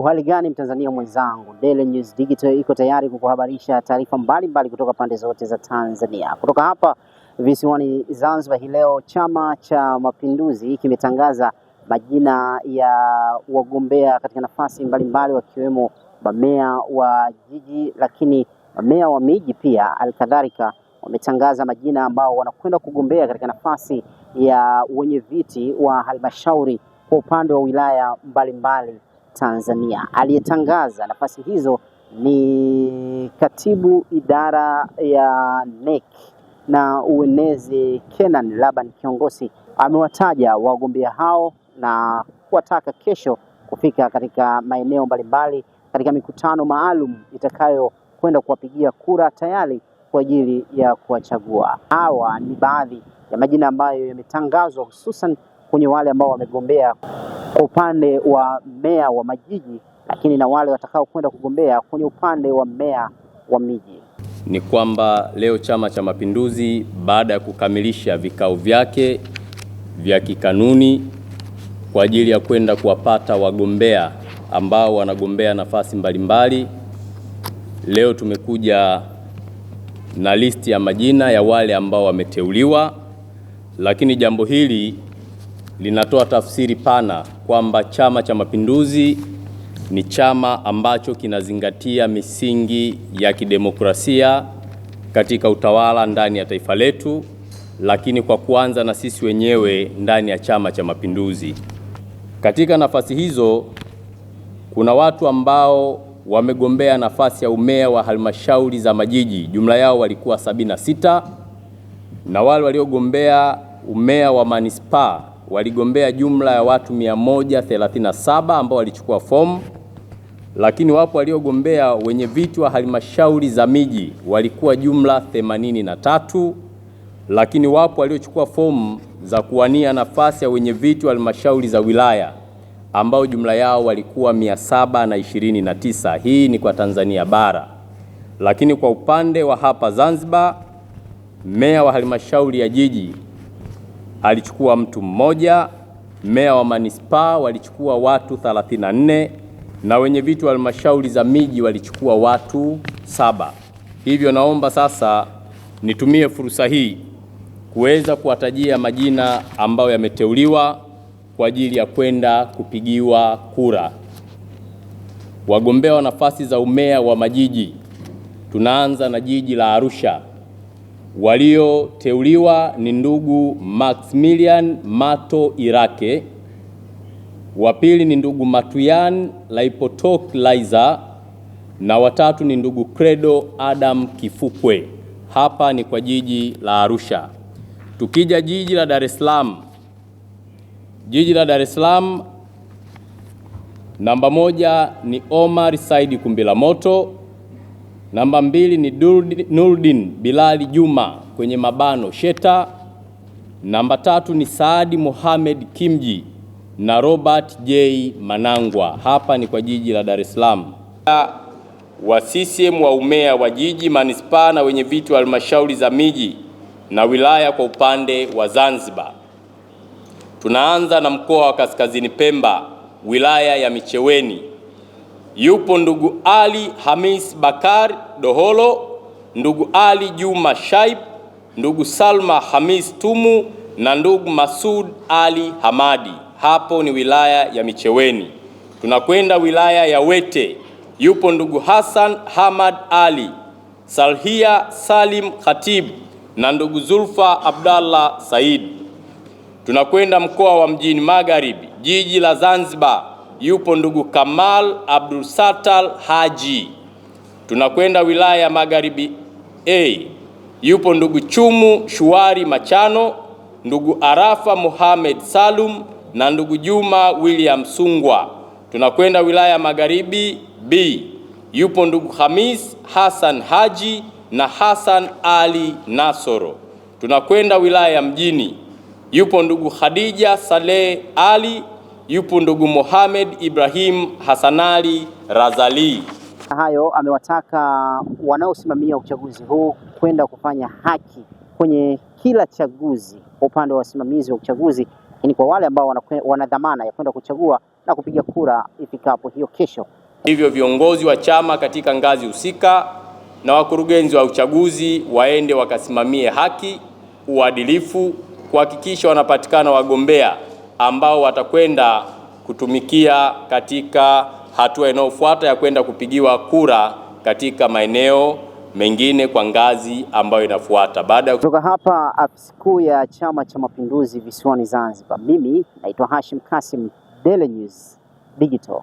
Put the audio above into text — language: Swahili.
Uhali gani mtanzania mwenzangu, Daily News Digital iko tayari kukuhabarisha taarifa mbalimbali kutoka pande zote za Tanzania. Kutoka hapa visiwani Zanzibar, hii leo Chama cha Mapinduzi kimetangaza majina ya wagombea katika nafasi mbalimbali, wakiwemo mamea wa jiji, lakini mamea wa miji pia alikadhalika wametangaza majina ambao wanakwenda kugombea katika nafasi ya wenye viti wa halmashauri kwa upande wa wilaya mbalimbali mbali Tanzania. Aliyetangaza nafasi hizo ni katibu idara ya NEC na uenezi Kenan Laban Kiongosi. Amewataja wagombea hao na kuwataka kesho kufika katika maeneo mbalimbali katika mikutano maalum itakayokwenda kuwapigia kura tayari kwa ajili ya kuwachagua. Hawa ni baadhi ya majina ambayo yametangazwa hususan kwenye wale ambao wamegombea kwa upande wa meya wa majiji, lakini na wale watakao kwenda kugombea kwenye upande wa meya wa miji. Ni kwamba leo Chama cha Mapinduzi baada ya kukamilisha vikao vyake vya kikanuni kwa ajili ya kwenda kuwapata wagombea ambao wanagombea nafasi mbalimbali, leo tumekuja na listi ya majina ya wale ambao wameteuliwa, lakini jambo hili linatoa tafsiri pana kwamba Chama cha Mapinduzi ni chama ambacho kinazingatia misingi ya kidemokrasia katika utawala ndani ya taifa letu, lakini kwa kuanza na sisi wenyewe ndani ya Chama cha Mapinduzi. Katika nafasi hizo kuna watu ambao wamegombea nafasi ya umeya wa halmashauri za majiji, jumla yao walikuwa sita, na wale waliogombea umeya wa manispaa waligombea jumla ya watu 137 ambao walichukua fomu, lakini wapo waliogombea wenye viti wa halmashauri za miji walikuwa jumla 83, lakini wapo waliochukua fomu za kuwania nafasi ya wenye viti wa halmashauri za wilaya ambao jumla yao walikuwa 729. Hii ni kwa Tanzania bara. Lakini kwa upande wa hapa Zanzibar, meya wa halmashauri ya jiji alichukua mtu mmoja, meya wa manispaa walichukua watu 34 na wenye viti wa halmashauri za miji walichukua watu saba. Hivyo naomba sasa nitumie fursa hii kuweza kuwatajia majina ambayo yameteuliwa kwa ajili ya kwenda kupigiwa kura. Wagombea wa nafasi za umeya wa majiji, tunaanza na jiji la Arusha. Walioteuliwa ni ndugu Maximilian Mato Irake, wa pili ni ndugu Matuyan Laipotok Laiza na watatu ni ndugu Credo Adam Kifukwe. Hapa ni kwa jiji la Arusha. Tukija jiji la Dar es Salaam, jiji la Dar es Salaam namba moja ni Omar Saidi Kumbila Moto Namba mbili ni Nurdin Bilali Juma kwenye mabano Sheta. Namba tatu ni Saadi Mohamed Kimji na Robert J Manangwa. Hapa ni kwa jiji la Dar es Salaam. Wa CCM wa umea wa jiji, manispaa na wenye viti wa halmashauri za miji na wilaya kwa upande wa Zanzibar. Tunaanza na mkoa wa Kaskazini Pemba, wilaya ya Micheweni yupo ndugu Ali Hamis Bakari Doholo, ndugu Ali Juma Shaib, ndugu Salma Hamis Tumu na ndugu Masud Ali Hamadi. Hapo ni wilaya ya Micheweni. Tunakwenda wilaya ya Wete, yupo ndugu Hassan Hamad Ali Salhia Salim Khatib na ndugu Zulfa Abdallah Said. Tunakwenda mkoa wa Mjini Magharibi, jiji la Zanzibar yupo ndugu Kamal Abdul Satal Haji. Tunakwenda wilaya ya Magharibi A, yupo ndugu Chumu Shuari Machano, ndugu Arafa Mohamed Salum na ndugu Juma William Sungwa. Tunakwenda wilaya ya Magharibi B, yupo ndugu Hamis Hassan Haji na Hassan Ali Nasoro. Tunakwenda wilaya ya Mjini, yupo ndugu Khadija Saleh Ali yupo ndugu Mohamed Ibrahim hasanali Razali. Hayo amewataka wanaosimamia uchaguzi huu kwenda kufanya haki kwenye kila chaguzi kwa upande wa wasimamizi wa uchaguzi, ni kwa wale ambao wana dhamana ya kwenda kuchagua na kupiga kura ifikapo hiyo kesho. Hivyo viongozi wa chama katika ngazi husika na wakurugenzi wa uchaguzi waende wakasimamie haki, uadilifu, kuhakikisha wanapatikana wagombea ambao watakwenda kutumikia katika hatua inayofuata ya kwenda kupigiwa kura katika maeneo mengine kwa ngazi ambayo inafuata. Baada kutoka hapa afisi kuu ya Chama cha Mapinduzi visiwani Zanzibar, mimi naitwa Hashim Kasim, Daily News Digital.